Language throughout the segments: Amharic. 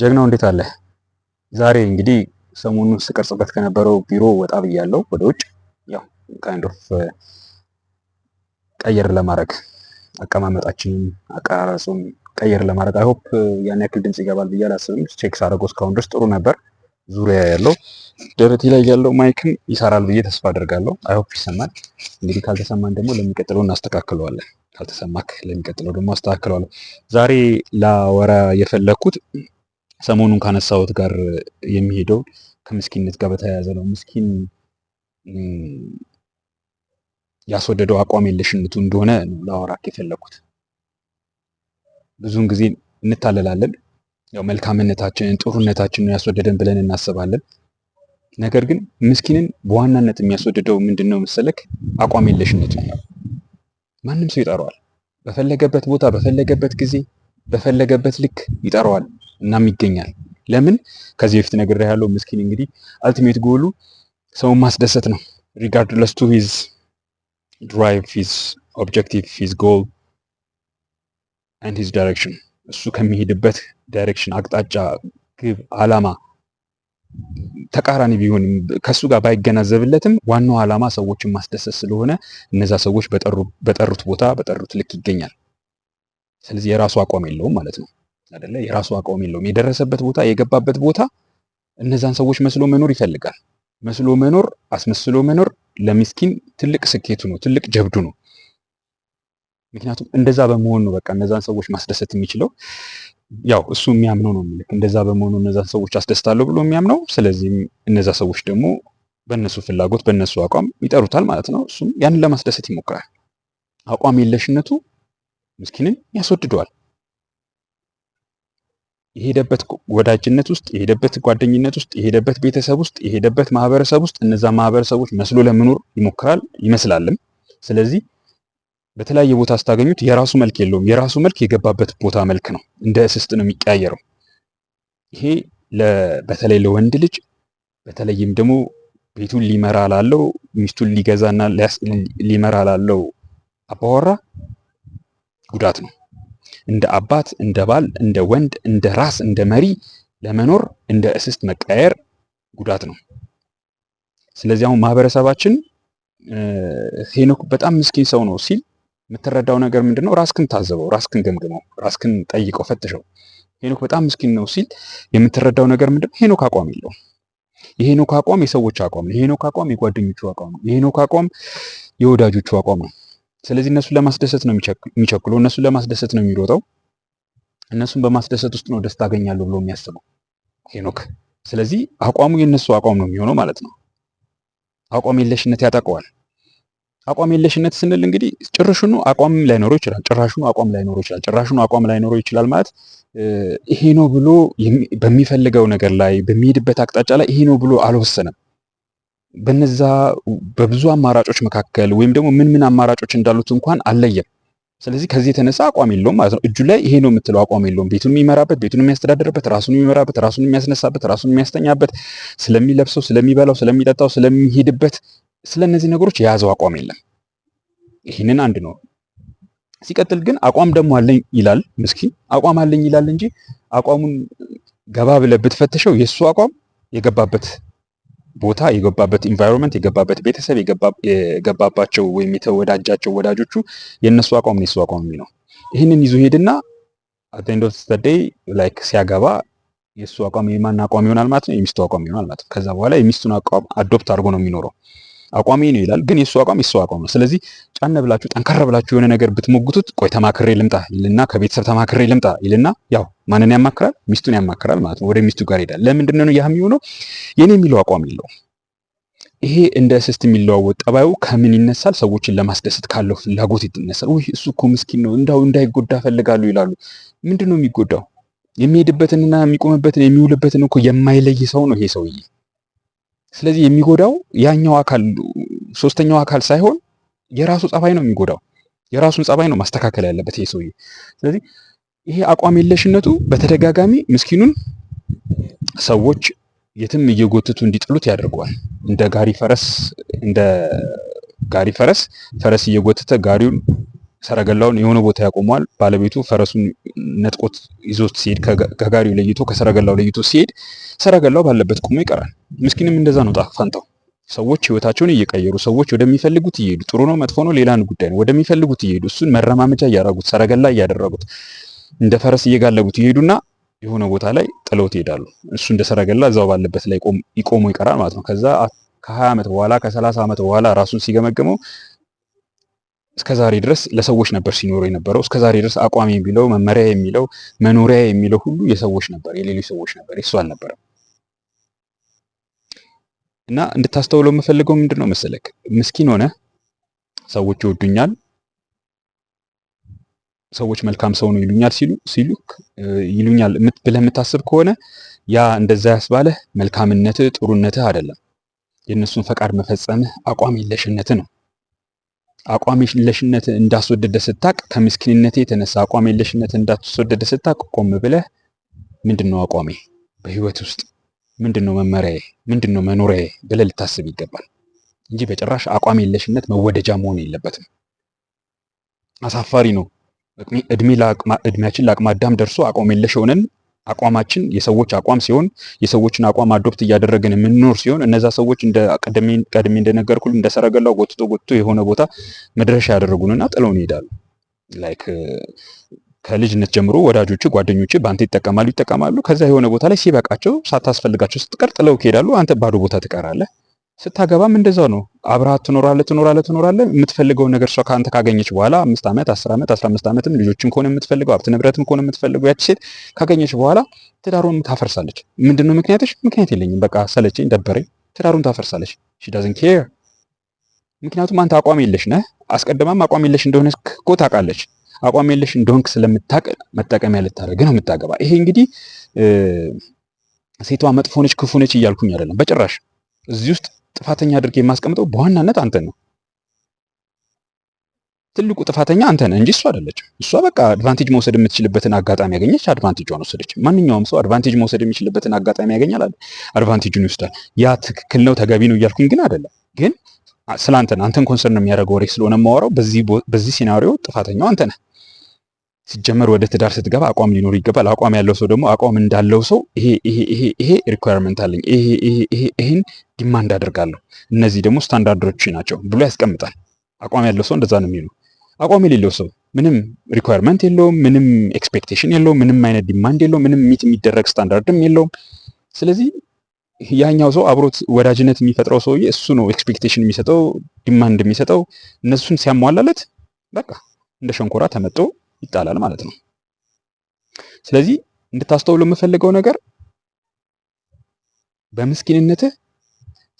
ጀግናው እንዴት አለ? ዛሬ እንግዲህ ሰሞኑን ስቀርጽበት ከነበረው ቢሮ ወጣ ብያለሁ ወደ ውጭ፣ ያው ካይንድ ኦፍ ቀየር ለማድረግ አቀማመጣችንን፣ አቀራረጹን ቀየር ለማድረግ ሆፕ ያን ያክል ድምጽ ይገባል ብዬ አላስብም። ቼክ ሳደርገው እስካሁን ድረስ ጥሩ ነበር። ዙሪያ ያለው ደረቴ ላይ ያለው ማይክም ይሰራል ብዬ ተስፋ አደርጋለሁ። ሆፕ ይሰማል። እንግዲህ ካልተሰማን ደግሞ ለሚቀጥለው እናስተካክለዋለን። ካልተሰማክ ለሚቀጥለው ደግሞ አስተካክለዋለሁ። ዛሬ ላወራ የፈለግኩት ሰሞኑን ካነሳሁት ጋር የሚሄደው ከምስኪንነት ጋር በተያያዘ ነው። ምስኪን ያስወደደው አቋም የለሽነቱ እንደሆነ ነው ላወራክ የፈለኩት። ብዙውን ጊዜ እንታለላለን። ያው መልካምነታችንን ጥሩነታችንን ያስወደደን ብለን እናስባለን። ነገር ግን ምስኪንን በዋናነት የሚያስወድደው ምንድን ነው መሰለክ? አቋም የለሽነቱ። ማንም ሰው ይጠራዋል። በፈለገበት ቦታ፣ በፈለገበት ጊዜ፣ በፈለገበት ልክ ይጠራዋል። እናም ይገኛል። ለምን ከዚህ በፊት ነገር ያለው ምስኪን እንግዲህ አልቲሜት ጎሉ ሰውን ማስደሰት ነው። ሪጋርድለስ ቱ ሂዝ ድራይቭ ሂዝ ኦብጀክቲቭ ሂዝ ጎል አንድ ሂዝ ዳይሬክሽን እሱ ከሚሄድበት ዳይሬክሽን አቅጣጫ፣ ግብ፣ አላማ ተቃራኒ ቢሆንም ከሱ ጋር ባይገናዘብለትም ዋናው አላማ ሰዎችን ማስደሰት ስለሆነ እነዛ ሰዎች በጠሩት ቦታ በጠሩት ልክ ይገኛል። ስለዚህ የራሱ አቋም የለውም ማለት ነው። አይደለ? የራሱ አቋም የለውም። የደረሰበት ቦታ የገባበት ቦታ እነዛን ሰዎች መስሎ መኖር ይፈልጋል። መስሎ መኖር፣ አስመስሎ መኖር ለሚስኪን ትልቅ ስኬቱ ነው፣ ትልቅ ጀብዱ ነው። ምክንያቱም እንደዛ በመሆኑ ነው በቃ እነዛን ሰዎች ማስደሰት የሚችለው። ያው እሱ የሚያምነው ነው ልክ እንደዛ በመሆኑ እነዛን ሰዎች አስደስታለሁ ብሎ የሚያምነው። ስለዚህም እነዛ ሰዎች ደግሞ በእነሱ ፍላጎት በእነሱ አቋም ይጠሩታል ማለት ነው። እሱም ያንን ለማስደሰት ይሞክራል። አቋም የለሽነቱ ምስኪንን ያስወድደዋል። የሄደበት ወዳጅነት ውስጥ የሄደበት ጓደኝነት ውስጥ የሄደበት ቤተሰብ ውስጥ የሄደበት ማህበረሰብ ውስጥ እነዛ ማህበረሰቦች መስሎ ለመኖር ይሞክራል ይመስላልም። ስለዚህ በተለያየ ቦታ ስታገኙት የራሱ መልክ የለውም። የራሱ መልክ የገባበት ቦታ መልክ ነው። እንደ እስስት ነው የሚቀያየረው። ይሄ በተለይ ለወንድ ልጅ በተለይም ደግሞ ቤቱን ሊመራ ላለው ሚስቱን ሊገዛና ሊመራ ላለው አባወራ ጉዳት ነው። እንደ አባት፣ እንደ ባል፣ እንደ ወንድ፣ እንደ ራስ፣ እንደ መሪ ለመኖር እንደ እስስት መቀየር ጉዳት ነው። ስለዚህ አሁን ማህበረሰባችን ሄኖክ በጣም ምስኪን ሰው ነው ሲል የምትረዳው ነገር ምንድን ነው? ራስክን ታዘበው፣ ራስክን ገምግመው፣ ራስክን ጠይቀው፣ ፈትሸው። ሄኖክ በጣም ምስኪን ነው ሲል የምትረዳው ነገር ምንድን ነው? ሄኖክ አቋም የለውም። የሄኖክ አቋም የሰዎች አቋም ነው። የሄኖክ አቋም የጓደኞቹ አቋም ነው። የሄኖክ አቋም የወዳጆቹ አቋም ነው። ስለዚህ እነሱን ለማስደሰት ነው የሚቸኩለው፣ እነሱን ለማስደሰት ነው የሚሮጠው። እነሱን በማስደሰት ውስጥ ነው ደስታ አገኛለሁ ብሎ የሚያስበው ሄኖክ። ስለዚህ አቋሙ የእነሱ አቋም ነው የሚሆነው ማለት ነው። አቋም የለሽነት ያጠቀዋል። አቋም የለሽነት ስንል እንግዲህ ጭራሹኑ አቋም ላይኖረው ይችላል፣ ጭራሽኑ አቋም ላይኖረው ይችላል፣ ጭራሹኑ አቋም ላይኖረው ይችላል ማለት ይሄ ነው ብሎ በሚፈልገው ነገር ላይ በሚሄድበት አቅጣጫ ላይ ይሄ ነው ብሎ አልወሰነም። በነዛ በብዙ አማራጮች መካከል ወይም ደግሞ ምን ምን አማራጮች እንዳሉት እንኳን አለየም ስለዚህ ከዚህ የተነሳ አቋም የለውም ማለት ነው። እጁ ላይ ይሄ ነው የምትለው አቋም የለውም። ቤቱን የሚመራበት፣ ቤቱን የሚያስተዳድርበት፣ ራሱን የሚመራበት፣ ራሱን የሚያስነሳበት፣ ራሱን የሚያስተኛበት፣ ስለሚለብሰው፣ ስለሚበላው፣ ስለሚጠጣው፣ ስለሚሄድበት፣ ስለ እነዚህ ነገሮች የያዘው አቋም የለም። ይህንን አንድ ነው። ሲቀጥል ግን አቋም ደግሞ አለኝ ይላል። ምስኪን አቋም አለኝ ይላል እንጂ አቋሙን ገባ ብለህ ብትፈትሸው የእሱ አቋም የገባበት ቦታ የገባበት ኢንቫይሮንመንት የገባበት ቤተሰብ የገባባቸው ወይም የተወዳጃቸው ወዳጆቹ የእነሱ አቋም የሱ አቋም ነው። ይህንን ይዞ ሄድና አቴንዶ ስተደይ ላይክ ሲያገባ የእሱ አቋም የማን አቋም ይሆናል ማለት ነው? የሚስቱ አቋም ይሆናል ማለት ነው። ከዛ በኋላ የሚስቱን አቋም አዶፕት አድርጎ ነው የሚኖረው። አቋሚ ነው ይላል። ግን የእሱ አቋም የሱ አቋም ነው። ስለዚህ ጫነ ብላችሁ ጠንከር ብላችሁ የሆነ ነገር ብትሞግቱት፣ ቆይ ተማክሬ ልምጣ ይልና ከቤተሰብ ተማክሬ ልምጣ ይልና ያው ማንን ያማክራል? ሚስቱን ያማክራል ማለት ነው። ወደ ሚስቱ ጋር ይሄዳል። ለምንድን ነው ያህ የሚሆነው? የኔ የሚለው አቋም የለውም። ይሄ እንደ እስስት የሚለዋወጥ ጠባዩ ከምን ይነሳል? ሰዎችን ለማስደሰት ካለው ፍላጎት ይነሳል። ውይ እሱ እኮ ምስኪን ነው እንዳው እንዳይጎዳ ፈልጋሉ ይላሉ። ምንድን ነው የሚጎዳው? የሚሄድበትንና የሚቆምበትን የሚውልበትን እኮ የማይለይ ሰው ነው ይሄ ሰውዬ። ስለዚህ የሚጎዳው ያኛው አካል ሶስተኛው አካል ሳይሆን የራሱ ጸባይ ነው የሚጎዳው። የራሱን ጸባይ ነው ማስተካከል ያለበት ይሄ ሰውዬ። ስለዚህ ይሄ አቋም የለሽነቱ በተደጋጋሚ ምስኪኑን ሰዎች የትም እየጎተቱ እንዲጥሉት ያደርገዋል። እንደ ጋሪ ፈረስ እንደ ጋሪ ፈረስ ፈረስ እየጎተተ ጋሪውን ሰረገላውን የሆነ ቦታ ያቆመዋል። ባለቤቱ ፈረሱን ነጥቆት ይዞት ሲሄድ ከጋሪው ለይቶ ከሰረገላው ለይቶ ሲሄድ ሰረገላው ባለበት ቆሞ ይቀራል። ምስኪንም እንደዛ ነው ጣፋንታው። ሰዎች ህይወታቸውን እየቀየሩ ሰዎች ወደሚፈልጉት እየሄዱ ጥሩ ነው መጥፎ ነው ሌላን ጉዳይ ነው ወደሚፈልጉት እየሄዱ እሱን መረማመጃ እያደረጉት ሰረገላ እያደረጉት እንደ ፈረስ እየጋለቡት ይሄዱና የሆነ ቦታ ላይ ጥለውት ይሄዳሉ። እሱ እንደ ሰረገላ እዛው ባለበት ላይ ቆሞ ይቀራል ማለት ነው። ከዛ ከሀያ ዓመት በኋላ ከሰላሳ ዓመት በኋላ ራሱን ሲገመገመው እስከ ዛሬ ድረስ ለሰዎች ነበር ሲኖረው የነበረው። እስከ ዛሬ ድረስ አቋም የሚለው መመሪያ የሚለው መኖሪያ የሚለው ሁሉ የሰዎች ነበር፣ የሌሎች ሰዎች ነበር፣ የእሱ አልነበረም። እና እንድታስተውለው የምፈልገው ምንድን ነው መሰለክ፣ ምስኪን ሆነ ሰዎች ይወዱኛል፣ ሰዎች መልካም ሰው ነው ይሉኛል ሲሉ ሲሉ ይሉኛል ብለህ የምታስብ ከሆነ ያ እንደዛ ያስባለህ መልካምነትህ ጥሩነትህ አይደለም፣ የእነሱን ፈቃድ መፈጸምህ አቋም የለሽነት ነው። አቋም የለሽነት እንዳስወደደ ስታቅ ከምስኪንነት የተነሳ አቋም የለሽነት እንዳስወደደ ስታቅ ቆም ብለህ ምንድን ነው አቋሜ በህይወት ውስጥ ምንድን ነው መመሪያዬ፣ ምንድን ነው መኖሪያዬ ብለህ ልታስብ ይገባል እንጂ በጭራሽ አቋም የለሽነት መወደጃ መሆን የለበትም። አሳፋሪ ነው። እድሜ እድሜያችን ለአቅመ አዳም ደርሶ አቋም የለሽ ሆነን አቋማችን የሰዎች አቋም ሲሆን የሰዎችን አቋም አዶፕት እያደረግን የምንኖር ሲሆን እነዛ ሰዎች ቀድሜ እንደነገርኩ እንደ ሰረገላው ጎትቶ ጎትቶ የሆነ ቦታ መድረሻ ያደረጉንና ጥለውን ይሄዳሉ። ላይክ ከልጅነት ጀምሮ ወዳጆች፣ ጓደኞች በአንተ ይጠቀማሉ ይጠቀማሉ። ከዛ የሆነ ቦታ ላይ ሲበቃቸው ሳታስፈልጋቸው ስትቀር ጥለው ይሄዳሉ። አንተ ባዶ ቦታ ትቀራለህ። ስታገባም እንደዛው ነው። አብረሃት ትኖራለህ ትኖራለህ ትኖራለህ። የምትፈልገውን ነገር እሷ ከአንተ ካገኘች በኋላ አምስት ዓመት አስር ዓመት አስራ አምስት ዓመትም ልጆችም ከሆነ የምትፈልገው ሀብት ንብረትም ከሆነ የምትፈልገው ያች ሴት ካገኘች በኋላ ትዳሩን ታፈርሳለች። ምንድነው ምክንያትሽ? ምክንያት የለኝም በቃ ሰለችኝ፣ ደበረኝ። ትዳሩን ታፈርሳለች። ሺ ኬር። ምክንያቱም አንተ አቋም የለሽ ነህ። አስቀድማም አቋም የለሽ እንደሆነ እኮ ታውቃለች። አቋም የለሽ እንደሆንክ ስለምታቅ መጠቀሚያ ልታደርግ ነው የምታገባ። ይሄ እንግዲህ ሴቷ መጥፎ ነች ክፉ ነች እያልኩኝ አይደለም በጭራሽ እዚህ ውስጥ ጥፋተኛ አድርጌ የማስቀምጠው በዋናነት አንተ ነው። ትልቁ ጥፋተኛ አንተ ነህ እንጂ እሷ አይደለችም። እሷ በቃ አድቫንቴጅ መውሰድ የምትችልበትን አጋጣሚ ያገኘች፣ አድቫንቴጇን ወሰደች። ማንኛውም ሰው አድቫንቴጅ መውሰድ የሚችልበትን አጋጣሚ ያገኛል አይደል? አድቫንቴጁን ይወስዳል። ያ ትክክል ነው ተገቢ ነው እያልኩኝ ግን አይደለም። ግን ስለ አንተ አንተን ኮንሰርን የሚያደርገው ወሬ ስለሆነ የማወራው በዚህ ሲናሪዮ ጥፋተኛው አንተ ነህ። ሲጀመር ወደ ትዳር ስትገባ አቋም ሊኖር ይገባል። አቋም ያለው ሰው ደግሞ አቋም እንዳለው ሰው ይሄ ይሄ ይሄ ይሄ ሪኳየርመንት አለኝ ይሄ ይሄ ይሄ ይሄን ዲማንድ አደርጋለሁ፣ እነዚህ ደግሞ ስታንዳርዶች ናቸው ብሎ ያስቀምጣል። አቋም ያለው ሰው እንደዛ ነው የሚሆነው። አቋም የሌለው ሰው ምንም ሪኳየርመንት የለውም፣ ምንም ኤክስፔክቴሽን የለውም፣ ምንም አይነት ዲማንድ የለውም፣ ምንም ሚት የሚደረግ ስታንዳርድም የለውም። ስለዚህ ያኛው ሰው አብሮት ወዳጅነት የሚፈጥረው ሰውዬ እሱ ነው ኤክስፔክቴሽን የሚሰጠው ዲማንድ የሚሰጠው። እነሱን ሲያሟላለት በቃ እንደ ሸንኮራ ተመጦ ይጣላል ማለት ነው። ስለዚህ እንድታስተውለው የምፈልገው ነገር በምስኪንነትህ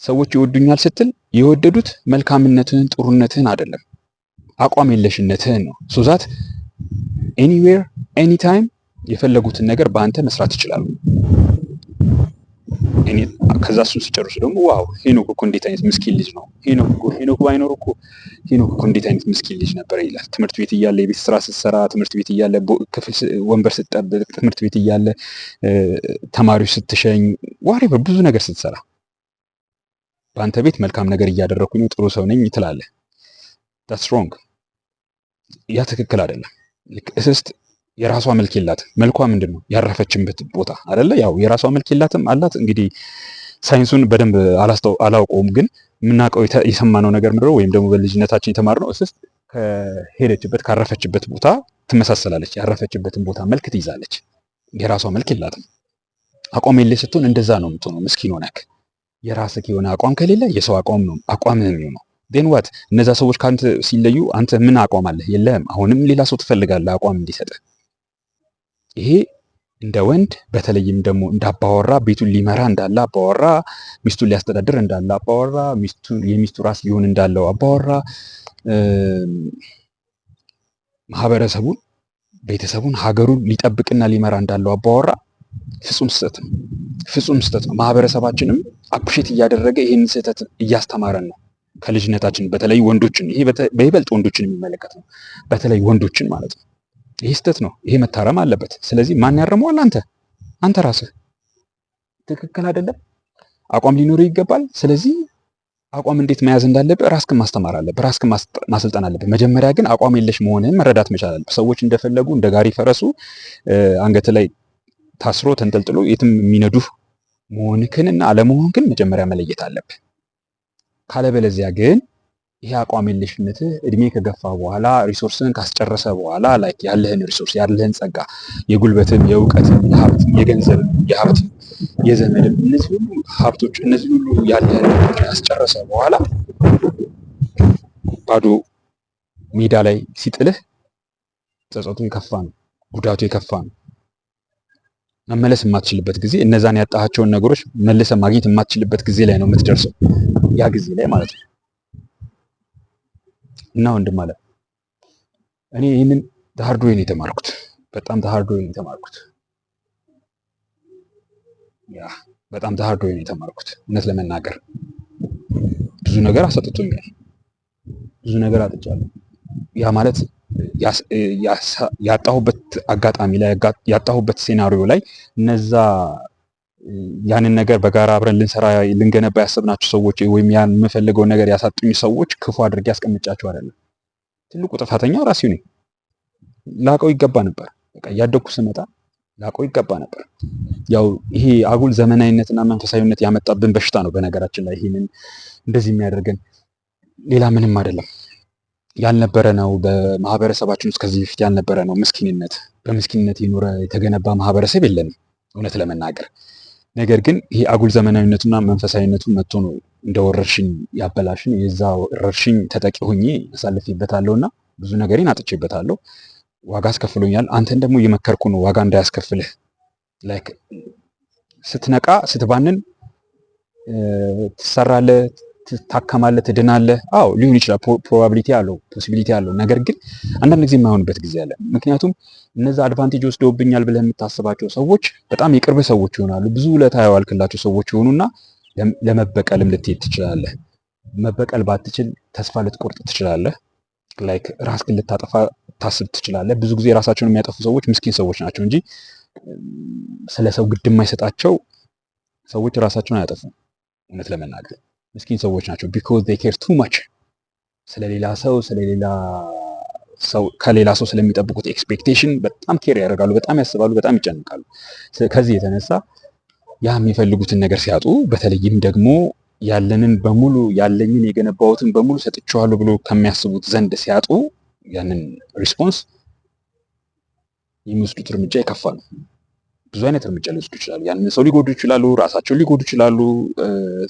ሰዎች ይወዱኛል ስትል የወደዱት መልካምነትህን፣ ጥሩነትህን አይደለም አቋም የለሽነትህን ነው። ሱዛት ኤኒዌር ኤኒታይም የፈለጉትን ነገር በአንተ መስራት ይችላሉ። ከዛ እሱን ሲጨርሱ ደግሞ ዋው ሄኖክ እኮ እንዴት አይነት ምስኪን ልጅ ነው፣ ሄኖክ እኮ ሄኖክ ባይኖር እኮ ሄኖክ እኮ እንዴት አይነት ምስኪን ልጅ ነበር ይላል። ትምህርት ቤት እያለ የቤት ስራ ስትሰራ፣ ትምህርት ቤት እያለ ክፍል ወንበር ስትጠብቅ፣ ትምህርት ቤት እያለ ተማሪዎች ስትሸኝ፣ ዋሬ ብዙ ነገር ስትሰራ በአንተ ቤት መልካም ነገር እያደረኩኝ ጥሩ ሰው ነኝ ትላለህ። ዳትስ ሮንግ። ያ ትክክል አይደለም። እስስት የራሷ መልክ የላትም። መልኳ ምንድን ነው? ያረፈችበት ቦታ አይደለ? ያው የራሷ መልክ የላትም አላት። እንግዲህ ሳይንሱን በደንብ አላውቀውም፣ ግን የምናውቀው የሰማነው ነገር ምድረው ወይም ደግሞ በልጅነታችን የተማርነው እስስት ከሄደችበት ካረፈችበት ቦታ ትመሳሰላለች። ያረፈችበትን ቦታ መልክ ትይዛለች። የራሷ መልክ የላትም። አቋም ስትሆን እንደዛ ነው የምትሆነው። ምስኪን ሆነክ የራስህ የሆነ አቋም ከሌለ የሰው አቋም ነው አቋምህ የሚሆነው ዴን ዋት እነዛ ሰዎች ከአንተ ሲለዩ አንተ ምን አቋም አለህ? የለህም። አሁንም ሌላ ሰው ትፈልጋለህ አቋም እንዲሰጥ ይሄ እንደ ወንድ በተለይም ደግሞ እንዳባወራ ቤቱን ሊመራ እንዳለ አባወራ፣ ሚስቱን ሊያስተዳድር እንዳለ አባወራ፣ የሚስቱ ራስ ሊሆን እንዳለው አባወራ፣ ማህበረሰቡን፣ ቤተሰቡን፣ ሀገሩን ሊጠብቅና ሊመራ እንዳለው አባወራ ፍጹም ስህተት ነው። ፍጹም ስህተት ነው። ማህበረሰባችንም አፕሼት እያደረገ ይህን ስህተት እያስተማረን ነው ከልጅነታችን በተለይ ወንዶችን ይሄ በይበልጥ ወንዶችን የሚመለከት ነው። በተለይ ወንዶችን ማለት ነው። ይሄ ስህተት ነው። ይሄ መታረም አለበት። ስለዚህ ማን ያርመዋል? አንተ አንተ ራስህ ትክክል አይደለም። አቋም ሊኖር ይገባል። ስለዚህ አቋም እንዴት መያዝ እንዳለብህ ራስክን ማስተማር አለብህ። ራስህን ማሰልጠን አለብህ። መጀመሪያ ግን አቋም የለሽ መሆንህን መረዳት መቻል አለብህ። ሰዎች እንደፈለጉ እንደ ጋሪ ፈረሱ አንገት ላይ ታስሮ ተንጠልጥሎ የትም የሚነዱህ መሆንክንና አለመሆንክን መጀመሪያ መለየት አለብህ። ካለበለዚያ ግን ይሄ አቋም የለሽነትህ እድሜ ከገፋ በኋላ ሪሶርስን ካስጨረሰ በኋላ ላይ ያለህን ሪሶርስ ያለህን ጸጋ የጉልበትም፣ የእውቀትም፣ የሀብት፣ የገንዘብ፣ የሀብት፣ የዘመድም እነዚህ ሁሉ ሀብቶች እነዚህ ሁሉ ያለህን ያስጨረሰ በኋላ ባዶ ሜዳ ላይ ሲጥልህ ጸጸቱ የከፋ ነው፣ ጉዳቱ የከፋ ነው። መመለስ የማትችልበት ጊዜ እነዛን ያጣሃቸውን ነገሮች መልሰ ማግኘት የማትችልበት ጊዜ ላይ ነው የምትደርሰው፣ ያ ጊዜ ላይ ማለት ነው። እና ወንድም አለ እኔ ይህንን ተሀርዶ ነው የተማርኩት፣ በጣም ተሀርዶ ነው የተማርኩት፣ ያ በጣም ተሀርዶ ነው የተማርኩት። እውነት ለመናገር ብዙ ነገር አሰጥቶኛል። ብዙ ነገር አጥጫለሁ። ያ ማለት ያጣሁበት አጋጣሚ ላይ ያጣሁበት ሴናሪዮ ላይ እነዛ ያንን ነገር በጋራ አብረን ልንሰራ ልንገነባ ያሰብናቸው ሰዎች ወይም ያን የምፈልገውን ነገር ያሳጡኝ ሰዎች ክፉ አድርጌ ያስቀምጫቸው አይደለም። ትልቁ ጥፋተኛ ራሴው ነኝ። ላቀው ይገባ ነበር። በቃ እያደግኩ ስመጣ ላቀው ይገባ ነበር። ያው ይሄ አጉል ዘመናዊነትና መንፈሳዊነት ያመጣብን በሽታ ነው። በነገራችን ላይ ይህንን እንደዚህ የሚያደርገን ሌላ ምንም አይደለም። ያልነበረ ነው። በማህበረሰባችን ውስጥ ከዚህ በፊት ያልነበረ ነው ምስኪንነት። በምስኪንነት የኖረ የተገነባ ማህበረሰብ የለንም እውነት ለመናገር ነገር ግን ይሄ አጉል ዘመናዊነቱና መንፈሳዊነቱ መጥቶ ነው እንደ ወረርሽኝ ያበላሽን። የዛ ወረርሽኝ ተጠቂ ሆኜ አሳልፌበታለሁ እና ብዙ ነገሬን አጥቼበታለሁ። ዋጋ አስከፍሎኛል። አንተን ደግሞ እየመከርኩ ነው ዋጋ እንዳያስከፍልህ። ላይክ ስትነቃ ስትባንን ትሰራለህ ትታከማለህ፣ ትድናለህ። አዎ ሊሆን ይችላል፣ ፕሮባቢሊቲ አለው፣ ፖሲቢሊቲ አለው። ነገር ግን አንዳንድ ጊዜ የማይሆንበት ጊዜ አለ። ምክንያቱም እነዛ አድቫንቴጅ ወስደውብኛል ብለህ የምታስባቸው ሰዎች በጣም የቅርብ ሰዎች ይሆናሉ። ብዙ ውለታ ያዋልክላቸው ሰዎች ይሆኑና ለመበቀልም ልትሄድ ትችላለህ። መበቀል ባትችል ተስፋ ልትቆርጥ ትችላለህ። ላይክ ራስህን ልታጠፋ ታስብ ትችላለህ። ብዙ ጊዜ ራሳቸውን የሚያጠፉ ሰዎች ምስኪን ሰዎች ናቸው እንጂ ስለ ሰው ግድ የማይሰጣቸው ሰዎች ራሳቸውን አያጠፉም እውነት ለመናገር ምስኪን ሰዎች ናቸው። ቢኮዝ ዴይ ኬር ቱ ማች ስለሌላ ሰው ስለሌላ ሰው ከሌላ ሰው ስለሚጠብቁት ኤክስፔክቴሽን በጣም ኬር ያደርጋሉ፣ በጣም ያስባሉ፣ በጣም ይጨንቃሉ። ከዚህ የተነሳ ያ የሚፈልጉትን ነገር ሲያጡ፣ በተለይም ደግሞ ያለንን በሙሉ ያለኝን የገነባሁትን በሙሉ ሰጥቼዋለሁ ብሎ ከሚያስቡት ዘንድ ሲያጡ ያንን ሪስፖንስ የሚወስዱት እርምጃ የከፋ ነው። ብዙ አይነት እርምጃ ሊወስዱ ይችላሉ። ያንን ሰው ሊጎዱ ይችላሉ፣ ራሳቸው ሊጎዱ ይችላሉ።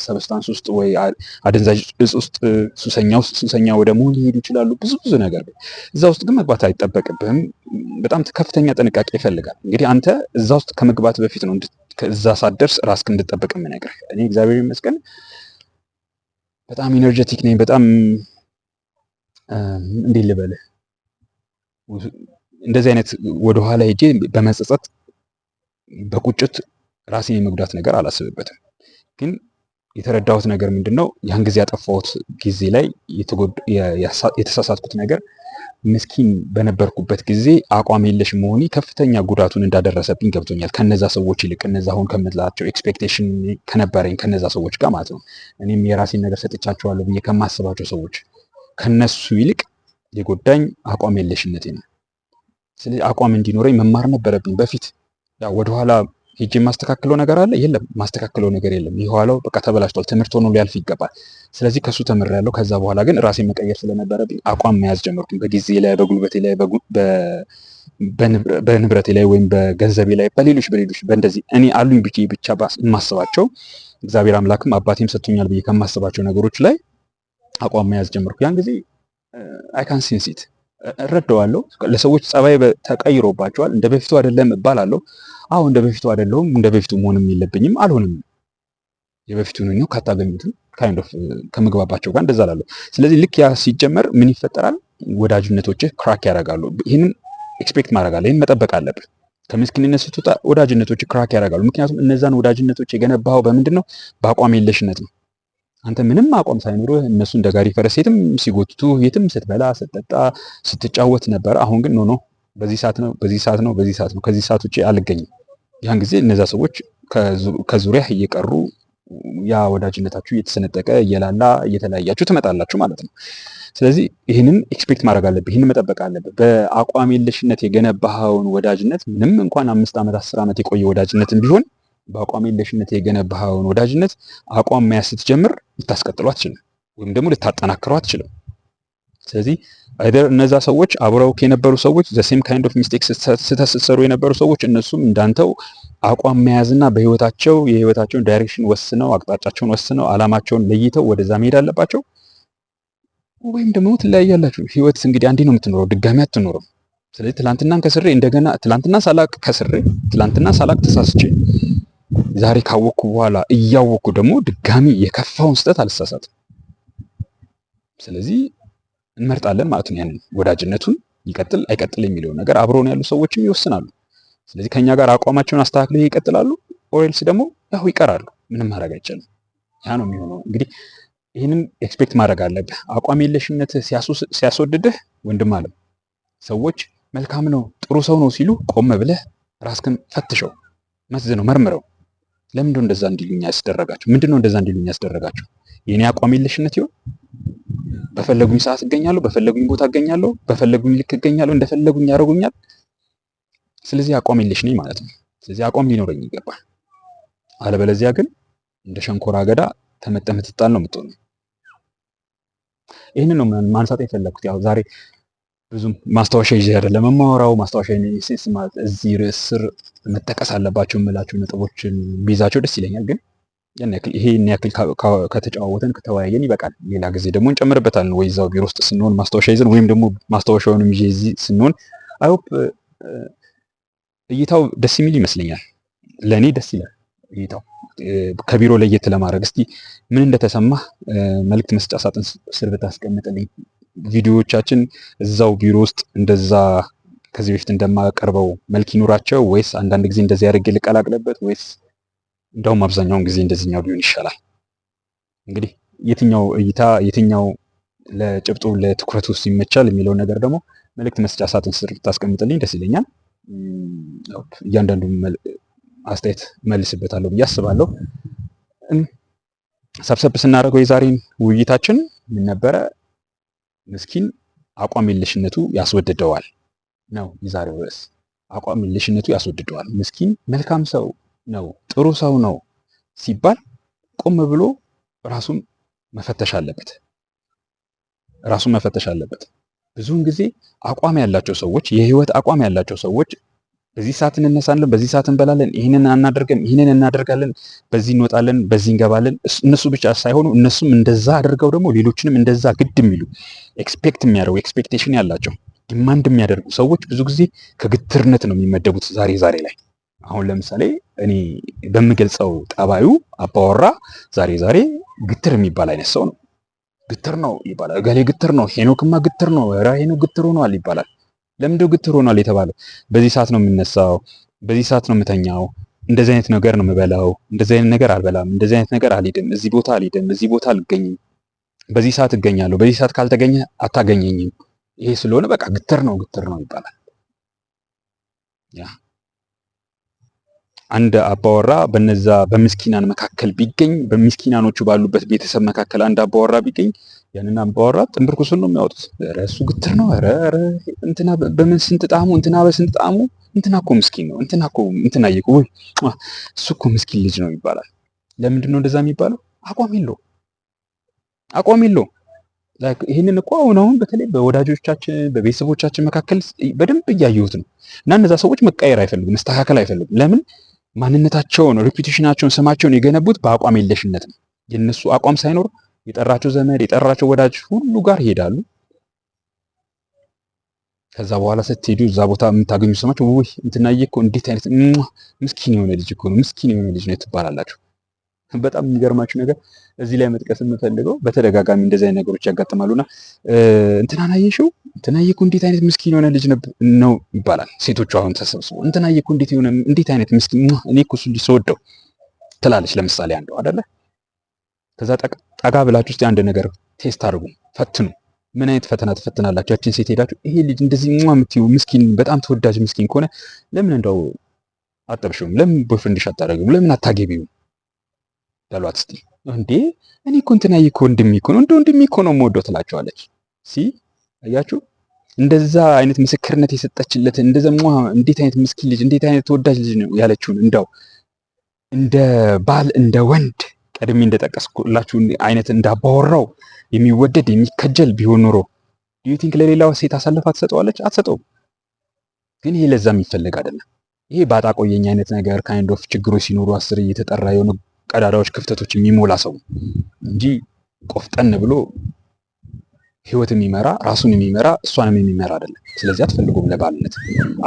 ሰብስታንስ ውስጥ ወይ አደንዛዥ እጽ ውስጥ ሱሰኛ ውስጥ ሱሰኛ ወደ መሆን ሊሄዱ ይችላሉ። ብዙ ብዙ ነገር እዛ ውስጥ ግን መግባት አይጠበቅብህም። በጣም ከፍተኛ ጥንቃቄ ይፈልጋል። እንግዲህ አንተ እዛ ውስጥ ከመግባት በፊት ነው እዛ ሳትደርስ ራስክ እንድጠበቅ የምነግርህ። እኔ እግዚአብሔር ይመስገን በጣም ኢነርጀቲክ ነኝ። በጣም እንዴት ልበልህ እንደዚህ አይነት ወደኋላ ሄጄ በመጸጸት በቁጭት ራሴን የመጉዳት ነገር አላስብበትም። ግን የተረዳሁት ነገር ምንድን ነው? ያን ጊዜ ያጠፋሁት ጊዜ ላይ የተሳሳትኩት ነገር ምስኪን በነበርኩበት ጊዜ አቋም የለሽ መሆኔ ከፍተኛ ጉዳቱን እንዳደረሰብኝ ገብቶኛል። ከነዛ ሰዎች ይልቅ እነዛ አሁን ከምላቸው ኤክስፔክቴሽን ከነበረኝ ከነዛ ሰዎች ጋር ማለት ነው። እኔም የራሴን ነገር ሰጥቻቸዋለሁ ብዬ ከማስባቸው ሰዎች ከነሱ ይልቅ የጎዳኝ አቋም የለሽነቴ ነው። ስለዚህ አቋም እንዲኖረኝ መማር ነበረብኝ በፊት ወደኋላ ሄጄ የማስተካክለው ነገር አለ የለም፣ ማስተካክለው ነገር የለም። የኋላው በቃ ተበላሽቷል። ትምህርት ሆኖ ሊያልፍ ይገባል። ስለዚህ ከሱ ያለው ከዛ በኋላ ግን ራሴን መቀየር ስለነበረብኝ አቋም መያዝ ጀመርኩኝ። በጊዜ ላይ፣ በጉልበቴ ላይ፣ በንብረቴ ላይ ወይም በገንዘቤ ላይ፣ በሌሎች በሌሎች በእንደዚህ እኔ አሉኝ ብዬ ብቻ የማስባቸው እግዚአብሔር አምላክም አባቴም ሰጥቶኛል ብዬ ከማስባቸው ነገሮች ላይ አቋም መያዝ ጀመርኩ። ያን ጊዜ አይ ካን ኢት እረዳዋለሁ። ለሰዎች ጸባይ ተቀይሮባቸዋል። እንደ በፊቱ አይደለም እባላለሁ። አሁን እንደ በፊቱ አይደለሁም፣ እንደ በፊቱ መሆንም የለብኝም፣ አልሆንም። የበፊቱን ነው ካታገኙትም ካይንድ ኦፍ ከምግባባቸው ጋር እንደዛ ላለሁ። ስለዚህ ልክ ያ ሲጀመር ምን ይፈጠራል? ወዳጅነቶች ክራክ ያደርጋሉ። ይህንን ኤክስፔክት ማድረግ አለ። ይህን መጠበቅ አለብህ። ከምስኪንነት ስትወጣ ወዳጅነቶች ክራክ ያደርጋሉ። ምክንያቱም እነዛን ወዳጅነቶች የገነባኸው በምንድን ነው? በአቋም የለሽነት ነው። አንተ ምንም አቋም ሳይኖርህ እነሱ እንደ ጋሪ ፈረስ የትም ሲጎትቱ የትም ስትበላ ስትጠጣ ስትጫወት ነበር። አሁን ግን ኖ ኖ በዚህ ሰዓት ነው በዚህ ሰዓት ነው በዚህ ሰዓት ነው ከዚህ ሰዓት ውጭ አልገኝም። ያን ጊዜ እነዛ ሰዎች ከዙሪያ እየቀሩ ያ ወዳጅነታችሁ እየተሰነጠቀ እየላላ እየተለያያችሁ ትመጣላችሁ ማለት ነው። ስለዚህ ይህንን ኤክስፔክት ማድረግ አለብህ፣ ይህንን መጠበቅ አለብህ። በአቋም የለሽነት የገነባኸውን ወዳጅነት ምንም እንኳን አምስት ዓመት አስር ዓመት የቆየ ወዳጅነትን ቢሆን በአቋም የለሽነት የገነባኸውን ወዳጅነት አቋም መያዝ ስትጀምር ልታስቀጥሉ አትችልም፣ ወይም ደግሞ ልታጠናክረው አትችልም። ስለዚህ አይደር እነዛ ሰዎች አብረው የነበሩ ሰዎች ዘሴም ካይንድ ኦፍ ሚስቴክስ ስህተት የነበሩ ሰዎች እነሱም እንዳንተው አቋም መያዝና በህይወታቸው የህይወታቸውን ዳይሬክሽን ወስነው አቅጣጫቸውን ወስነው አላማቸውን ለይተው ወደዛ መሄድ አለባቸው። ወይም ደግሞ ትለያያላችሁ። ህይወት እንግዲህ አንዴ ነው የምትኖረው፣ ድጋሚ አትኖርም። ስለዚህ ትላንትናን ከስሬ እንደገና ትላንትና ሳላቅ ከስሬ ትላንትና ሳላቅ ተሳስቼ ዛሬ ካወቅኩ በኋላ እያወቅኩ ደግሞ ድጋሚ የከፋውን ስህተት አልሳሳትም። ስለዚህ እንመርጣለን ማለት ነው። ያንን ወዳጅነቱን ይቀጥል አይቀጥል የሚለው ነገር አብረውን ያሉ ሰዎችም ይወስናሉ። ስለዚህ ከኛ ጋር አቋማቸውን አስተካክለው ይቀጥላሉ፣ ኦሬልስ ደግሞ ያው ይቀራሉ። ምንም ማድረግ አይቻልም። ያ ነው የሚሆነው። እንግዲህ ይህንን ኤክስፔክት ማድረግ አለብህ። አቋም የለሽነት ሲያስወድድህ ወንድም አለም ሰዎች መልካም ነው ጥሩ ሰው ነው ሲሉ ቆም ብለህ ራስክን ፈትሸው፣ መዝነው፣ መርምረው ለምንድነው እንደዛ እንዲሉኝ ያስደረጋቸው? ምንድነው እንደዛ እንዲሉኝ ያስደረጋቸው? የኔ አቋም የለሽነት ይሆን? በፈለጉኝ ሰዓት እገኛለሁ፣ በፈለጉኝ ቦታ እገኛለሁ፣ በፈለጉኝ ልክ እገኛለሁ፣ እንደፈለጉኝ ያደርጉኛል። ስለዚህ አቋም የለሽ ነኝ ማለት ነው። ስለዚህ አቋም ሊኖረኝ ይገባል። አለበለዚያ ግን እንደ ሸንኮራ አገዳ ተመጠህ ነው የምትሆነው። ይህንን ነው ማንሳት የፈለግኩት ያው ዛሬ ብዙም ማስታወሻ ይዤ አይደለም የማወራው። ማስታወሻ ሴንስ እዚህ ርዕስ ስር መጠቀስ አለባቸው የምላቸው ነጥቦችን ቢይዛቸው ደስ ይለኛል፣ ግን ይሄን ያክል ከተጨዋወተን ከተወያየን ይበቃል። ሌላ ጊዜ ደግሞ እንጨምርበታለን፣ ወይ እዛው ቢሮ ውስጥ ስንሆን ማስታወሻ ይዘን ወይም ደግሞ ማስታወሻውንም ይዤ እዚህ ስንሆን አይሆፕ እይታው ደስ የሚል ይመስለኛል። ለእኔ ደስ ይላል እይታው ከቢሮ ለየት ለማድረግ እስቲ ምን እንደተሰማህ መልእክት መስጫ ሳጥን ስር ብታስቀምጥልኝ ቪዲዮዎቻችን እዛው ቢሮ ውስጥ እንደዛ ከዚህ በፊት እንደማቀርበው መልክ ይኖራቸው ወይስ አንዳንድ ጊዜ እንደዚህ አድርጌ ልቀላቅለበት ወይስ እንደውም አብዛኛውን ጊዜ እንደዚህኛው ቢሆን ይሻላል? እንግዲህ የትኛው እይታ የትኛው ለጭብጡ ለትኩረት ውስጥ ይመቻል የሚለውን ነገር ደግሞ መልእክት መስጫ ሳጥን ስር ብታስቀምጥልኝ ደስ ይለኛል። እያንዳንዱ አስተያየት መልስበታለሁ ብዬ አስባለሁ። ሰብሰብ ስናደርገው የዛሬን ውይይታችን ምን ነበረ? ምስኪን አቋም የለሽነቱ ያስወድደዋል ነው የዛሬው ርዕስ። አቋም የለሽነቱ ያስወድደዋል። ምስኪን መልካም ሰው ነው፣ ጥሩ ሰው ነው ሲባል ቆም ብሎ ራሱን መፈተሽ አለበት። ራሱን መፈተሽ አለበት። ብዙውን ጊዜ አቋም ያላቸው ሰዎች የህይወት አቋም ያላቸው ሰዎች በዚህ ሰዓት እንነሳለን፣ በዚህ ሰዓት እንበላለን፣ ይህንን አናደርግም፣ ይህንን እናደርጋለን፣ በዚህ እንወጣለን፣ በዚህ እንገባለን። እነሱ ብቻ ሳይሆኑ እነሱም እንደዛ አድርገው ደግሞ ሌሎችንም እንደዛ ግድ የሚሉ ኤክስፔክት የሚያደርጉ ኤክስፔክቴሽን ያላቸው ዲማንድ የሚያደርጉ ሰዎች ብዙ ጊዜ ከግትርነት ነው የሚመደቡት ዛሬ ዛሬ ላይ። አሁን ለምሳሌ እኔ በምገልጸው ጠባዩ አባወራ ዛሬ ዛሬ ግትር የሚባል አይነት ሰው ነው። ግትር ነው ይባላል። እገሌ ግትር ነው፣ ሄኖክማ ግትር ነው፣ ራ ሄኖክ ግትር ሆኗል ይባላል። ለምንድ ግትር ሆኗል የተባለው? በዚህ ሰዓት ነው የምነሳው፣ በዚህ ሰዓት ነው የምተኛው፣ እንደዚህ አይነት ነገር ነው የምበላው፣ እንደዚህ አይነት ነገር አልበላም፣ እንደዚህ አይነት ነገር አልሄድም፣ እዚህ ቦታ አልሄድም፣ እዚህ ቦታ አልገኝም፣ በዚህ ሰዓት እገኛለሁ፣ በዚህ ሰዓት ካልተገኘ አታገኘኝም። ይሄ ስለሆነ በቃ ግትር ነው ግትር ነው ይባላል። አንድ አባወራ በነዛ በምስኪናን መካከል ቢገኝ በምስኪናኖቹ ባሉበት ቤተሰብ መካከል አንድ አባወራ ቢገኝ ያንን አባወራ ጥንብር ነው የሚያወጡት። ኧረ እሱ ግትር ነው። ኧረ ኧረ እንትና በምን ስንት ጣሙ እንትና በስንት ጣሙ እንትና እኮ ምስኪን ነው እንትና እኮ እንትና ይቁ ወይ እሱ እኮ ምስኪን ልጅ ነው ይባላል። ለምንድን ነው እንደዛ የሚባለው? አቋም የለው አቋም የለው። ይህንን እኮ አሁን አሁን በተለይ በወዳጆቻችን በቤተሰቦቻችን መካከል በደንብ እያየሁት ነው። እና እነዛ ሰዎች መቀየር አይፈልጉም፣ መስተካከል አይፈልጉም። ለምን ማንነታቸውን፣ ሪፒቴሽናቸውን፣ ስማቸውን የገነቡት በአቋም የለሽነት ነው። የእነሱ አቋም ሳይኖር የጠራቸው ዘመድ የጠራቸው ወዳጅ ሁሉ ጋር ይሄዳሉ። ከዛ በኋላ ስትሄዱ እዛ ቦታ የምታገኙ ሰማች ውይ እንትናዬ እኮ እንዴት አይነት ምስኪን የሆነ ልጅ እኮ ነው ምስኪን የሆነ ልጅ ነው ትባላላችሁ። በጣም የሚገርማችሁ ነገር እዚህ ላይ መጥቀስ የምፈልገው በተደጋጋሚ እንደዚህ አይነት ነገሮች ያጋጥማሉና እንትናን አየሽው እንትናዬ እኮ እንዴት አይነት ምስኪን የሆነ ልጅ ነው ይባላል። ሴቶቹ አሁን ተሰብስቦ እንትናዬ እኮ እንዴት አይነት ምስኪን እኔ እኮ እሱን ልጅ ስወደው ትላለች። ለምሳሌ አንደው አይደለ ከዛ ጠጋ ብላችሁ ውስጥ አንድ ነገር ቴስት አድርጉ፣ ፈትኑ። ምን አይነት ፈተና ትፈትናላችሁ? ያችን ሴት ሄዳችሁ ይሄ ልጅ እንደዚህ ሟ የምትይው ምስኪን፣ በጣም ተወዳጅ ምስኪን ከሆነ ለምን እንደው አጠብሽውም? ለምን ቦይፍሬንድሽ አታደርጊውም? ለምን አታገቢውም? ያሏት እስቲ እንዴ እኔ እኮ እንትና ይኮ ወንድሜ እኮ ነው እንደ ወንድሜ እኮ ነው የምወደው ትላቸዋለች። ሲ አያችሁ፣ እንደዛ አይነት ምስክርነት የሰጠችለት እንደዛ እንዴት አይነት ምስኪን ልጅ እንዴት አይነት ተወዳጅ ልጅ ነው ያለችውን እንደው እንደ ባል እንደ ወንድ ቀድሜ እንደጠቀስኩላችሁ አይነት እንዳባወራው የሚወደድ የሚከጀል ቢሆን ኑሮ ዲዩቲንክ ለሌላ ሴት አሳልፋ ትሰጠዋለች? አትሰጠውም። ግን ይሄ ለዛም ይፈልግ አይደለም። ይሄ ባጣ ቆየኝ አይነት ነገር ካይንድ ኦፍ ችግሮች ሲኖሩ አስር እየተጠራ የሆነ ቀዳዳዎች፣ ክፍተቶች የሚሞላ ሰው እንጂ ቆፍጠን ብሎ ህይወት የሚመራ ራሱን የሚመራ እሷንም የሚመራ አይደለም። ስለዚህ አትፈልጉም ለባልነት።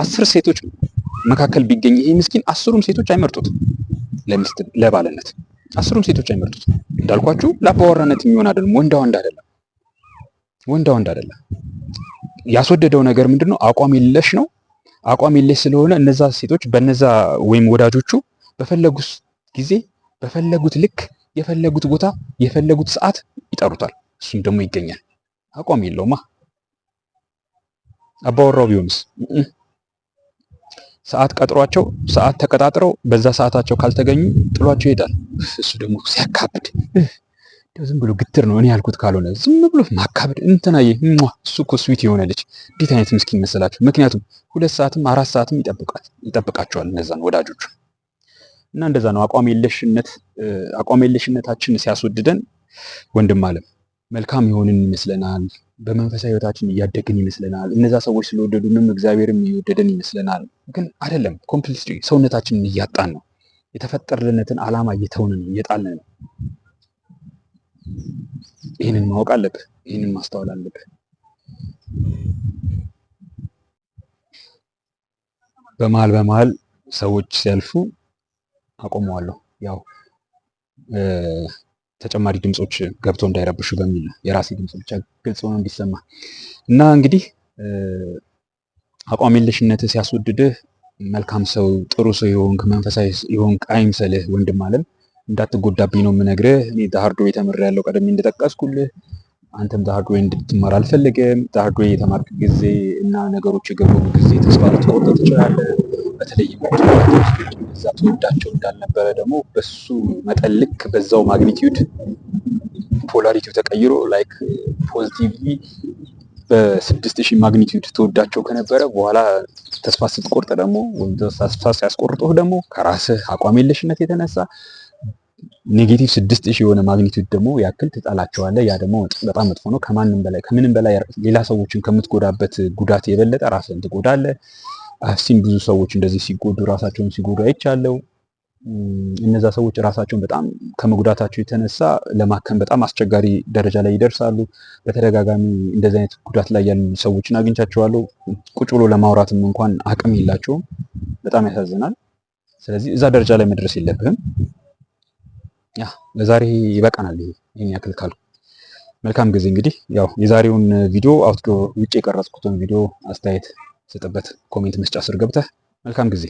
አስር ሴቶች መካከል ቢገኝ ይሄ ምስኪን አስሩም ሴቶች አይመርጡትም ለባልነት። አስሩም ሴቶች አይመርጡት። እንዳልኳችሁ ለአባወራነት የሚሆን አይደለም። ወንዳ ወንድ አይደለም። ወንዳ ወንድ አይደለም። ያስወደደው ነገር ምንድን ነው? አቋም የለሽ ነው። አቋም የለሽ ስለሆነ እነዛ ሴቶች በነዛ ወይም ወዳጆቹ በፈለጉት ጊዜ በፈለጉት ልክ የፈለጉት ቦታ የፈለጉት ሰዓት ይጠሩታል። እሱም ደግሞ ይገኛል። አቋም የለውማ። አባወራው ቢሆንስ ሰዓት ቀጥሯቸው ሰዓት ተቀጣጥረው በዛ ሰዓታቸው ካልተገኙ ጥሏቸው ይሄዳል። እሱ ደግሞ ሲያካብድ ዝም ብሎ ግትር ነው። እኔ ያልኩት ካልሆነ ዝም ብሎ ማካበድ እንትናየ እሱ እኮ ስዊት የሆነ ልጅ እንዴት አይነት ምስኪን መሰላችሁ? ምክንያቱም ሁለት ሰዓትም አራት ሰዓትም ይጠብቃቸዋል እነዛን ወዳጆቹ እና እንደዛ ነው። አቋም የለሽነት አቋም የለሽነታችን ሲያስወድደን ወንድም አለም መልካም የሆንን ይመስለናል። በመንፈሳዊ ህይወታችን እያደግን ይመስለናል። እነዛ ሰዎች ስለወደዱንም እግዚአብሔርም እየወደደን ይመስለናል። ግን አይደለም። ኮምፕሊት ሰውነታችንን እያጣን ነው። የተፈጠርልነትን ዓላማ እየተውን ነው፣ እየጣልን ነው። ይህንን ማወቅ አለብህ። ይህንን ማስተዋል አለብህ። በመሀል በመሀል ሰዎች ሲያልፉ አቆመዋለሁ። ያው ተጨማሪ ድምፆች ገብቶ እንዳይረብሹ በሚል ነው። የራሴ ድምፅ ብቻ ግልጽ ሆኖ እንዲሰማ እና እንግዲህ አቋም የለሽነትህ ሲያስወድድህ መልካም ሰው ጥሩ ሰው የሆንክ መንፈሳዊ የሆንክ አይምሰልህ ወንድም አለም። እንዳትጎዳብኝ ነው የምነግርህ። እኔ ዳህርዶ የተምር ያለው ቀደም እንደጠቀስኩልህ፣ አንተም ዳህርዶ እንድትማር አልፈልግም። ዳህርዶ የተማርክ ጊዜ እና ነገሮች የገቡ ጊዜ ተስፋ ልትቆርጥ ትችላለህ። በተለይ ዛ ትወዳቸው እንዳልነበረ ደግሞ በሱ መጠን ልክ በዛው ማግኒቲዩድ ፖላሪቲው ተቀይሮ ላይክ ፖዚቲቭሊ በስድስት ሺህ ማግኒቲዩድ ተወዳቸው ከነበረ በኋላ ተስፋ ስትቆርጥ ደግሞ ተስፋ ሲያስቆርጦህ ደግሞ ከራስህ አቋም የለሽነት የተነሳ ኔጌቲቭ ስድስት ሺህ የሆነ ማግኒቲዩድ ደግሞ ያክል ትጣላቸዋለህ። ያ ደግሞ በጣም መጥፎ ነው። ከማንም በላይ ከምንም በላይ ሌላ ሰዎችን ከምትጎዳበት ጉዳት የበለጠ ራስህን ትጎዳለህ። አፍሲን ብዙ ሰዎች እንደዚህ ሲጎዱ ራሳቸውን ሲጎዱ አይቻለው። እነዛ ሰዎች ራሳቸውን በጣም ከመጉዳታቸው የተነሳ ለማከም በጣም አስቸጋሪ ደረጃ ላይ ይደርሳሉ። በተደጋጋሚ እንደዚህ አይነት ጉዳት ላይ ያሉ ሰዎችን አግኝቻቸዋለሁ። ቁጭ ብሎ ለማውራትም እንኳን አቅም የላቸውም። በጣም ያሳዝናል። ስለዚህ እዛ ደረጃ ላይ መድረስ የለብህም። ያ ለዛሬ ይበቃናል። ይህን ያክል ካልኩ መልካም ጊዜ። እንግዲህ ያው የዛሬውን ቪዲዮ አውትዶር ውጭ የቀረጽኩትን ቪዲዮ አስተያየት ስጥበት ኮሜንት መስጫ ስር ገብተህ መልካም ጊዜ